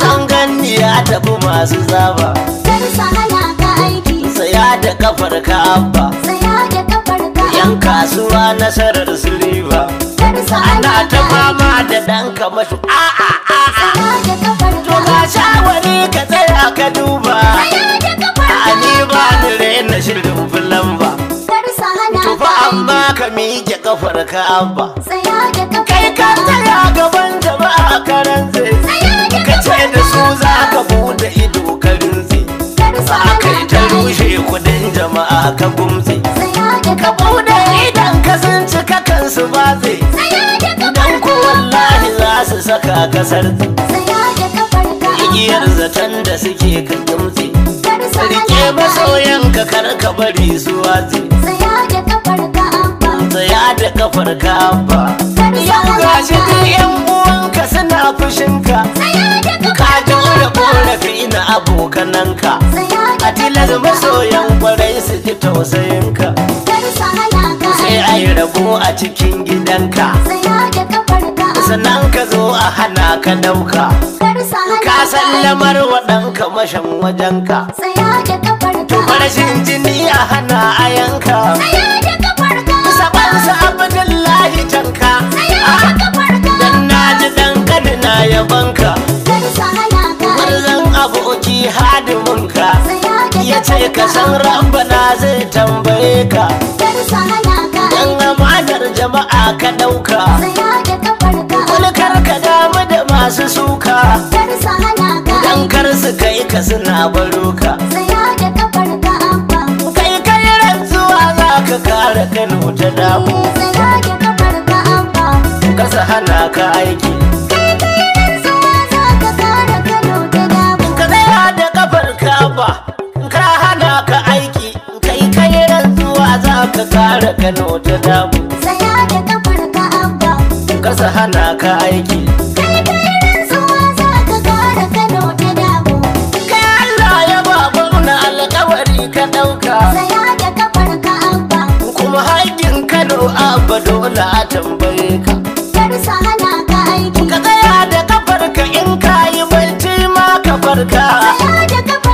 zan ya tafi masu zaba saya da kafar ka yan kasuwa nasarar su riba ana ta ga shawari ka tsaya ka duba ni ba ni shirin fulan ba amma ka miƙe kafar ka karan ka ce da su za ka bude ido ka rinzi ba a kai ta rushe kudin jama'a ka gumzi ka bude idan ka sun cika kansu ba zai don ku wallahi za su saka kasar igiyar zaton da suke ka gumzi rike masoyan ka kar ka bari su wazi tsaya da kafar ka ba yau gashi duk yan ka suna fushinka ka jure korafi na abokananka a tilar masoyan kwarai su ji tausayinka sai a yi rabo a cikin gidanka sannan ka zo a hana ka dauka ka sallamar waɗanka mashan wajenka farashin jini a hana a yanka sabansa abdullahi canka na yabanka Marzan aboki hadiminka Ya ce ka san rabbana zai tambaye ka Dan amanar jama'a ka ɗauka Kulkar ka damu da masu suka Dan kar su kai ka suna baroka Kai kai rantsuwa za ka kare Kano ta damu Kasa hana ka aiki kare Kano ta damu. Saya da kafar ka abba. Kasa hana ka aiki. Kai kai rantsuwa za ka kare Kano ta damu. Kai Allah ya ba gwamna alƙawari ka ɗauka. Saya da kafar ka abba. Kuma haƙin Kano abba dole a tambaye ka. Kar sa hana ka aiki. Ka tsaya da kafar ka in ka yi barci ma ka farka. Saya da kafar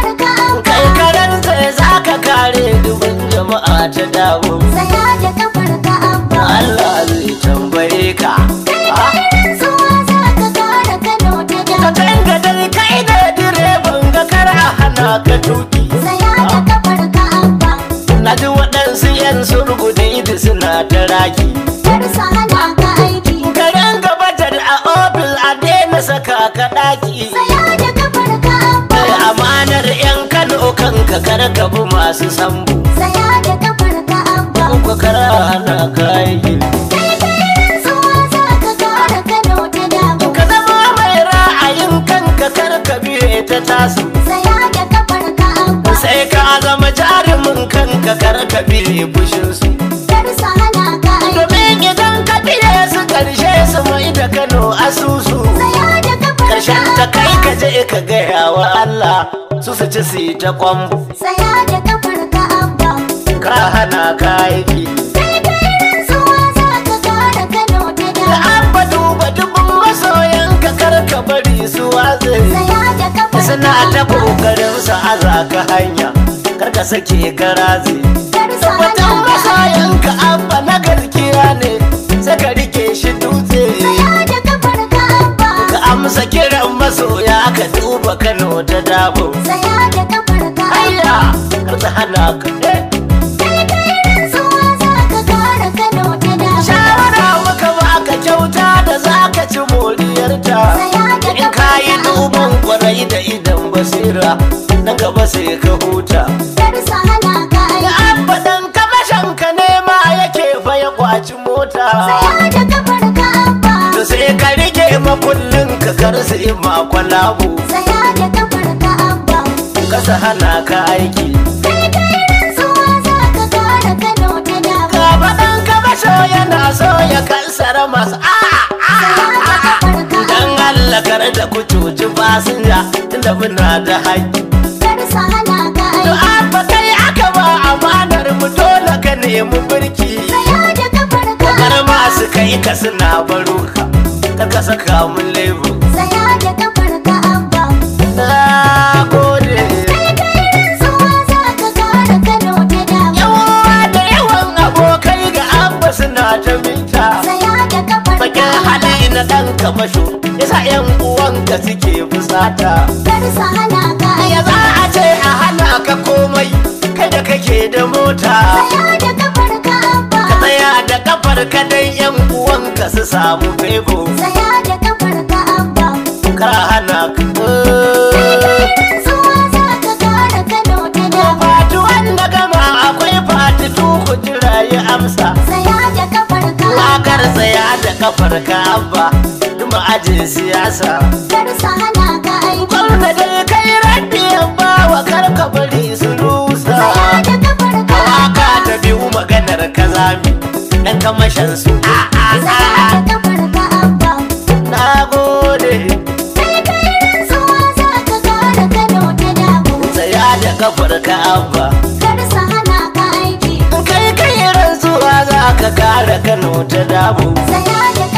hana ka tuki saya da kafar na ji waɗansu yan surgudai da suna ta raki kar su hana ka aiki karen gabatar a ofis a daina saka ka ɗaki saya da kafar ka abba amanar yan kano kanka kar ka bi masu sambo saya da kafar ka abba ku kara asusu karshen ta kai ka je ka gaya wa Allah su su ci su yi ta kwam tsaya da kafar ka abba ka hana ka aiki sai kai rantsuwa za ka kara kano ta da abba duba dubin masoyan ka kar ka bari su watse saya da kafar suna ta kokarin su aza ka hanya kar ka sake ka raze tabbatan masoyan ka abba na masoya ka duba Kano ta dabo. Saya da kafar ka. Aiya, ta hana ka. kyauta da za ka ci moriyarta in ka yi duban kwarai da basira na gaba sai ka da kamashan ka nema yake fa ya kwaci mota to sai ka rike makulla kar su yi makwalabu saya da kafar ka abba kasa hana ka aiki kai kai rantsuwa za ka kara kano ta dama ka faɗan ka basho yana so ya kansara masu a'a ah, ah, ah. dan Allah kar da ku cuci fasinja tunda muna da haƙƙi kar su hana ka aiki to abba kai aka ba amanar mu dole ka nemi birki saya da kafar ka kar masu kai ka suna baruka, ka kar ka saka mun lebur basho isa yasa yan uwanka suke fusata dan hana ka ya za a ce a hana ka komai kai da kake da mota tsaya da kafar ka abba ka tsaya da ka dan yan uwanka su samu fego tsaya da kafar ka abba kar hana ka amsa tsaya tsaya da kafar ka yajin siyasa kar sa hana ka aiki kwalta dai kai ba. Wa kar ka bari su rusa hawaka ta biyu maganar ka zami dan kamashin su a'a na gode tsaya da kafar ka abba kar sa hana ka aiki kai kai zuwa za ka kare kano ta damu. tsaya da